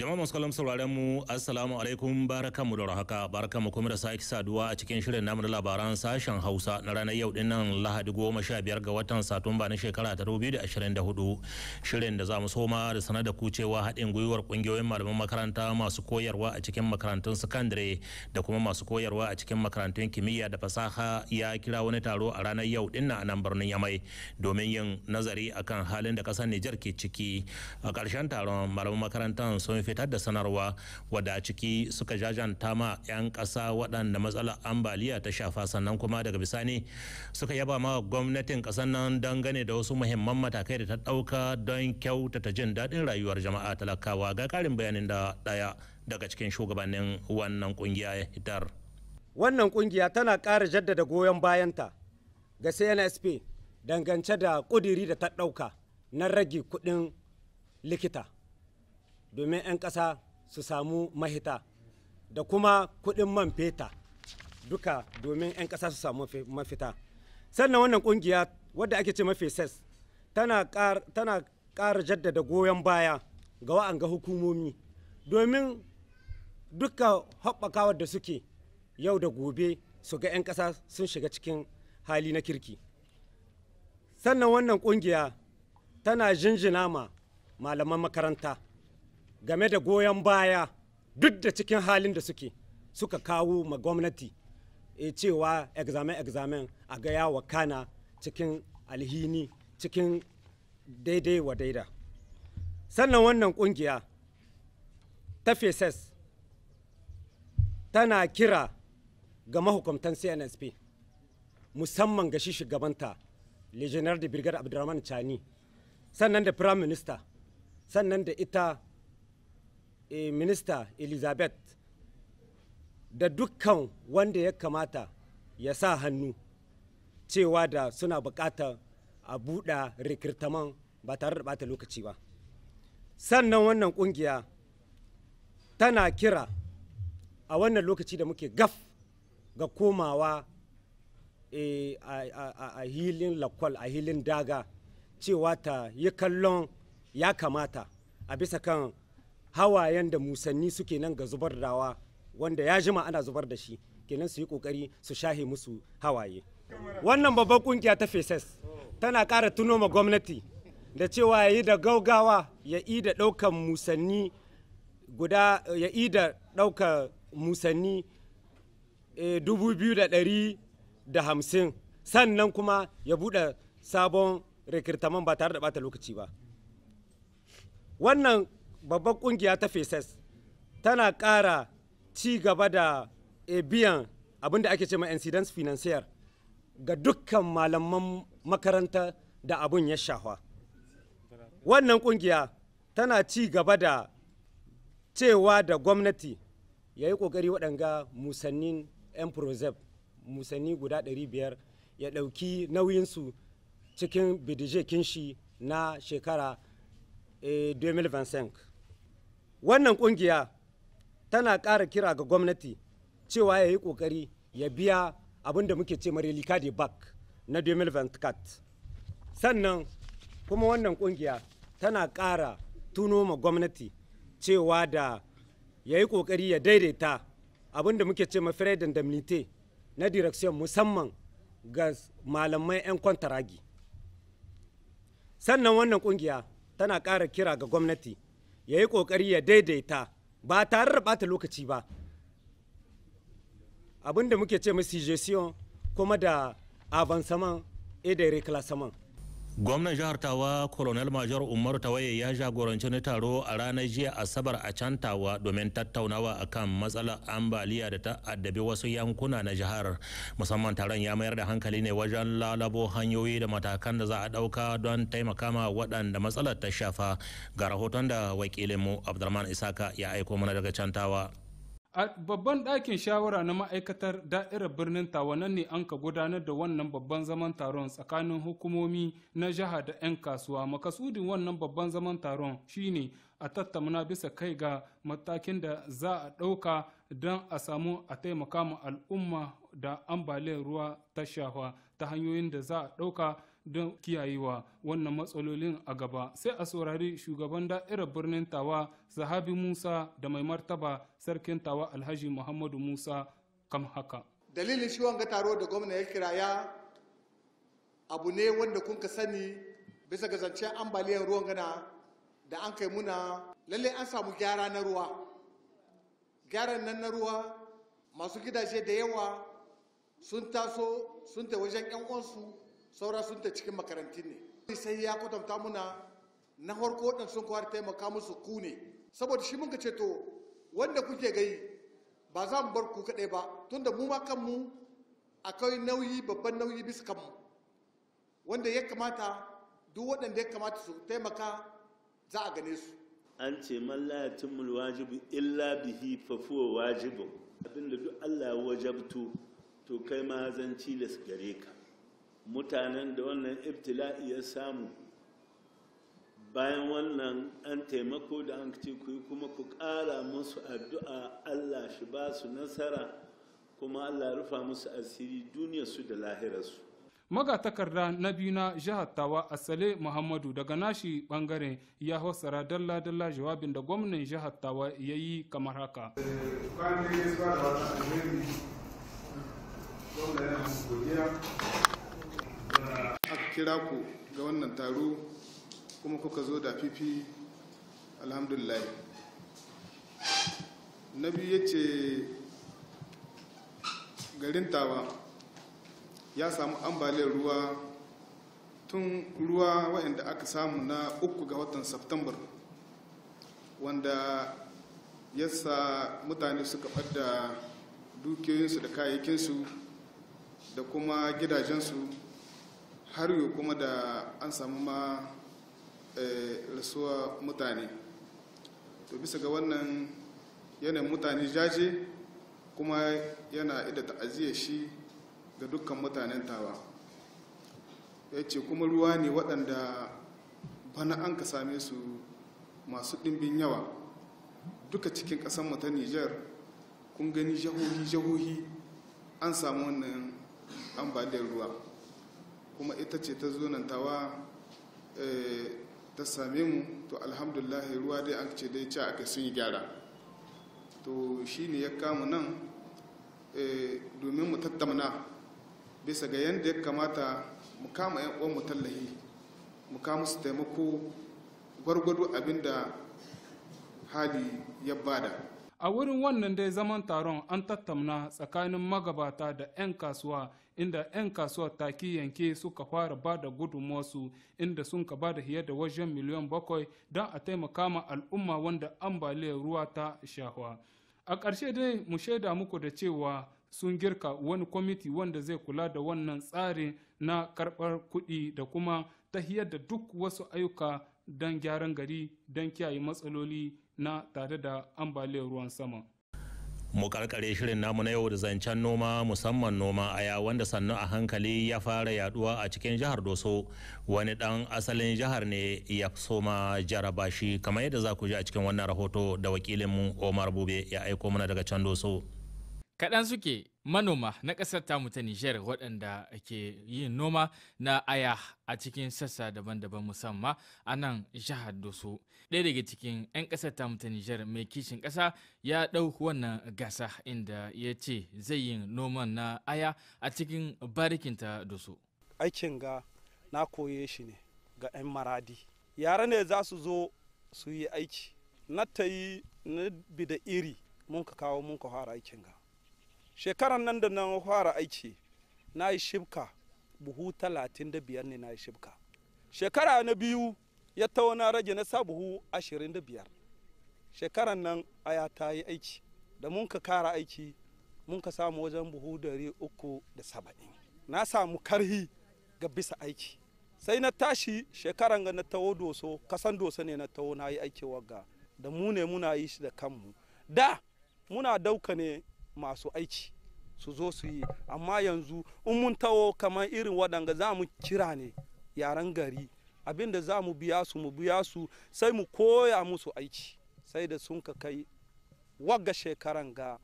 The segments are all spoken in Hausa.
Jama'a masu kallon sauraren mu assalamu alaikum mu da rahaka mu kuma da Saki saduwa a cikin shirin namu na labaran sashen Hausa na ranar yau din nan Lahadi goma sha biyar ga watan Satumba na shekara ta 2024 shirin da zamu soma da sanar da ku cewa haɗin gwiwar kungiyoyin malaman makaranta masu koyarwa a cikin makarantun sakandare da kuma masu koyarwa a cikin makarantun kimiyya da fasaha ya kira wani taro a ranar yau din nan a nan birnin Yamai domin yin nazari akan halin da ƙasar Nijar ke ciki a ƙarshen taron malaman makarantar sun fitar da sanarwa wadda a ciki suka jajanta ma 'yan ƙasa waɗanda matsalar ambaliya ta shafa sannan kuma daga bisani suka yaba ma gwamnatin ƙasar nan don gane da wasu muhimman matakai da ta ɗauka don kyautata jin daɗin rayuwar jama'a talakawa ga ƙarin bayanin da ɗaya daga cikin shugabannin wannan ƙungiya ya hitar. Wannan ƙungiya tana ƙara jaddada goyon bayanta ga CNSP dangance da ƙudiri da ta ɗauka na rage kuɗin likita. domin 'yan ƙasa su samu mahita da kuma kuɗin man feta duka domin 'yan ƙasa su samu mafita sannan wannan ƙungiya wadda ake ce mafi ses tana ƙara jaddada goyon baya ga wa'anga hukumomi domin duka haɓakawar da suke yau da gobe su ga 'yan ƙasa sun shiga cikin hali na kirki sannan wannan ƙungiya tana jinjina ma malaman makaranta game da goyon baya duk da cikin halin da suke suka kawo ma gwamnati e cewa examen examen a ga yawa kana cikin alhini cikin daidai wa daida sannan wannan kungiya ta e tana kira ga mahukumtan cnsp musamman ga shi shugabanta legionnaire de brigade abdurrahman chani sannan da prime minister sannan da ita Eh, minista elizabeth da dukkan wanda ya kamata ya sa hannu cewa da suna buƙatar a buɗa rikirtaman ba tare da bata lokaci ba sannan wannan ƙungiya tana kira a wannan lokaci da muke gaf ga komawa eh, a hilin lakwal a hilin daga cewa ta yi kallon ya kamata a bisa kan hawayen da musanni suke nan ga zubar dawa wanda ya jima ana zubar da shi kenan su yi kokari su shahe musu hawaye wannan babban kungiya ta feses tana ƙara tuno ma gwamnati da cewa ya yi da gaugawa ya yi da daukan musanni guda ya yi da ɗaukar musanni eh, da hamsin sannan kuma ya bude sabon rikirtaman ba tare da bata lokaci ba wannan babban kungiya ta feses tana kara ci gaba da eh, biyan abin da ake ce ma incidence financier ga dukkan malaman makaranta da abin ya shafa wannan kungiya tana ci gaba da cewa da gwamnati ya yi ƙoƙari waɗanga musannin 'yan e musanni guda 500 ya ɗauki nauyinsu cikin bidije kinshi na shekara 2025 eh, wannan kungiya tana ƙara kira ga gwamnati cewa ya yi ƙoƙari ya biya abin da muke ce marelika de back na 2024 sannan kuma wannan kungiya tana ƙara tuno ma gwamnati cewa da ya yi ƙoƙari ya daidaita abin da muke ce mafirai damnite na direction musamman ga malamai 'yan kwantaragi sannan wannan kungiya tana ƙara kira ga gwamnati ya yi ƙoƙari ya daidaita ba tare da ɓata lokaci ba abinda muke ce masu kuma da avansaman e da reclassement gwamnan jihar tawa colonel major umaru tawaye ya jagoranci wani taro a ranar jiya asabar a can tawa domin tattaunawa akan matsalar ambaliya da ta addabi wasu yankuna na jihar musamman taron ya mayar da hankali ne wajen lalabo hanyoyi da matakan da za a dauka don taimaka ma waɗanda matsalar ta shafa ga rahoton da wakilinmu abdulrahman isaka ya aiko mana daga can tawa A babban ɗakin shawara na ma'aikatar da'irar birnin Tawanan ne an ka gudanar da wannan babban zaman taron tsakanin hukumomi na jiha da 'yan kasuwa. Makasudin wannan babban zaman taron shine a tattauna bisa kai ga matakin da za a ɗauka don a samu a taimaka ma al'umma da ambaliyar ruwa ta shafa ta hanyoyin da za a ɗauka don kiyayewa wannan matsalolin a gaba sai a saurari shugaban da'irar birnin tawa zahabi musa da mai martaba sarkin tawa alhaji muhammadu musa kam haka dalilin shi wanga taro da gwamna ya kiraya abu ne wanda kun ka sani bisa ga zancen ambaliyar ruwan gana da an kai muna lalle an samu gyara na ruwa gyaran nan na ruwa masu gidaje da yawa sun taso sun ta wajen 'yan uwansu sauran sun ta cikin makarantun ne sai ya kwatanta muna na harko waɗanda sun kawar taimaka musu ku ne saboda shi muka ce to wanda kuke gai ba za mu bar ku kaɗai ba tunda mu ma kanmu akwai nauyi babban nauyi bisa kanmu wanda ya kamata duk waɗanda ya kamata su taimaka za a gane su an ce man la yatimul wajibu illa bihi fa wajibu abinda duk Allah ya wajabtu to kai ma zan cilas gare ka mutanen da wannan ibtila'i ya samu bayan wannan an taimako da an ce ku kuma ku ƙara musu addu'a allah shi ba su nasara kuma allah rufa musu asiri duniyarsu da lahirarsu magatakarda na biyu na jihar tawa asale muhammadu daga nashi bangaren ya hosara dalla-dalla jawabin da gwamnan jihar tawa ya yi kamar haka gwamnan kira ku ga wannan taro kuma kuka zo da fifi alhamdulillah na biyu ya ce garin tawa ya samu ambaliyar ruwa tun ruwa waɗanda aka samu na uku ga watan september wanda ya sa mutane suka ɓadda dukiyoyinsu da kayayyakinsu da kuma gidajensu har yi kuma da an samu ma eh, rasuwa mutane to bisa ga wannan yanayin mutane jaje kuma yana ida ta'aziyar shi ga dukkan mutanen tawa ya ce kuma ruwa ne waɗanda bana an ka same su masu ɗimbin yawa duka cikin ƙasar ta nijar kun gani jahohi-jahohi an samu wannan ambaliyar ruwa kuma ita ce ta zo nan eh, ta same mu to alhamdulahi ruwa dai an ce dai ca aka sun yi gyara to shi ne ya kamu nan eh, domin mu tattamna bisa ga yadda ya kamata mu kama 'yan uwan mu tallahi mu kama su taimako gwargwado abinda hali ya bada a wurin wannan dai zaman taron an tattauna tsakanin magabata da 'yan kasuwa inda 'yan kasuwa taki yanke suka fara ba da gudunmuwarsu inda sun ka ba da hiyar da wajen miliyan bakwai don a taimaka ma al'umma wanda ambaliyar ruwa ta shahwa a ƙarshe dai mu shaida muku da cewa sun girka wani kwamiti wanda zai kula da wannan tsari na karɓar kuɗi da kuma ta hiyar da duk wasu ayyuka don gyaran gari don kiyaye matsaloli na tare da ambaliyar ruwan sama. mu karkare shirin namu na yau da zancen noma musamman noma aya wanda sannu a hankali ya fara yaduwa a cikin jihar doso wani dan asalin jihar ne ya soma jarabashi kamar yadda za ku ji a cikin wannan rahoto da wakilinmu omar bube ya aiko mana daga can doso kaɗan suke manoma na ƙasar tamu ta Nijar waɗanda ke yin noma na aya a cikin sassa daban-daban musamman a nan jihar Dosu. Ɗaya daga cikin 'yan ƙasar tamu ta Nijar mai kishin ƙasa ya ɗau wannan gasa inda ya ce zai yi noman na aya a cikin barikinta ta Aikin ga na koye shi ne ga 'yan maradi. Yara ne za su zo su yi aiki. Na ta yi na da iri mun ka kawo mun ka fara aikin ga. shekaran nan da na fara aiki na yi shibka buhu talatin da biyar ne na yi shibka shekara na biyu ya tawo na rage na sa buhu ashirin da biyar shekaran nan aya ta yi aiki da mun ka kara aiki mun ka samu wajen buhu dari uku da saba'in na samu karhi ga bisa aiki sai na tashi shekaran ga na tawo doso kasan doso ne na tawo na yi aiki wagga da mu ne muna yi shi da kanmu da muna dauka ne masu aiki su zo su yi amma yanzu in mun tawo kamar irin waɗanga za mu kira ne yaren gari abinda za mu biya su mu biya su sai mu koya musu aiki sai da sun ka kai wagga shekaran ga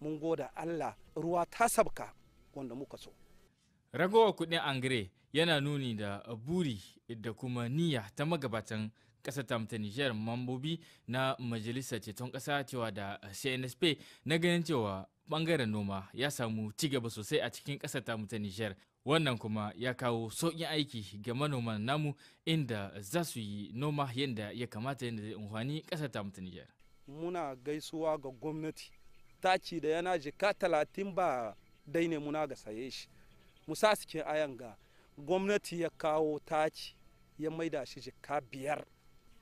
mun goda allah ruwa ta sabka wanda muka so ragowar kuɗin angre yana nuni da buri da kuma niyya ta magabatan kasar tamta Nijar mambobi na majalisa ceton kasa cewa da eh, CNSP na ganin cewa bangaren noma ya samu cigaba sosai a cikin kasar tamta Nijar. Wannan kuma ya kawo sauƙin aiki ga manoman namu inda za su yi noma yadda ya kamata yadda zai unhwani kasar tamta Nijar. Muna gaisuwa ga gwamnati taki da yana jika talatin ba dai ne muna ga saye shi. Musa cikin ayan ga gwamnati ya kawo taki ya maida shi jika biyar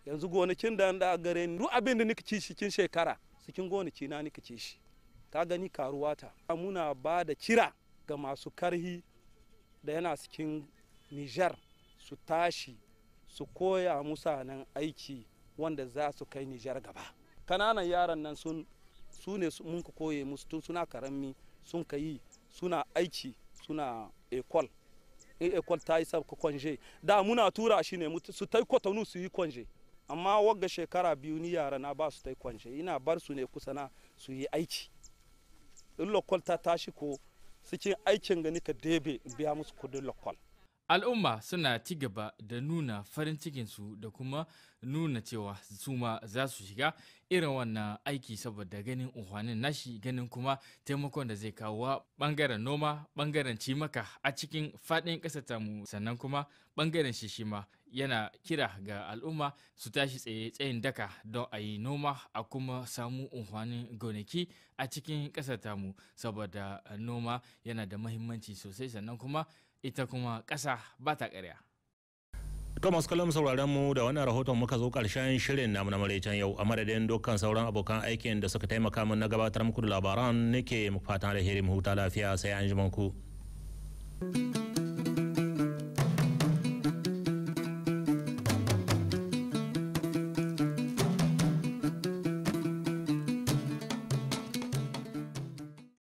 yanzu gonakin da da gare ni duk abin da nika ci cikin shekara cikin gonaki na nika ci shi ka gani karuwa ta muna ba da cira ga masu karhi da yana cikin Nijar su tashi su koya nan aiki wanda za su kai Nijar gaba kananan yaran nan sun su ne mun ka koye musu tun suna karami sun ka yi suna aiki suna ekol in ekol ta yi sabka kwanje da muna tura shi ne su ta kwatanu su yi kwanje amma wagga shekara biyu ni yara na ba su ta kwance ina bar su ne kusa na su yi aiki in lokal ta tashi ko cikin aikin gani ka debe biya musu kudin lokal al'umma suna ci gaba da nuna farin cikinsu da kuma nuna cewa su ma za su shiga irin wannan aiki saboda ganin unhwanin nashi ganin kuma taimakon da zai kawo bangaren noma bangaren cimaka a cikin faɗin ƙasa mu sannan kuma bangaren shishima yana kira ga al'umma su tashi tsaye tsayin daka don a yi noma a kuma samu amfanin gonaki a cikin ƙasar tamu saboda eh, noma yana da mahimmanci sosai sannan kuma ita kuma ƙasa ba ta ƙarya. masu kallon sauraron mu da wannan rahoton muka zo karshen shirin namu na maraicen yau a madadin dukkan sauran abokan aikin da suka taimaka min na gabatar muku da labaran nake fatan alheri mu huta lafiya sai an ji ku. thank you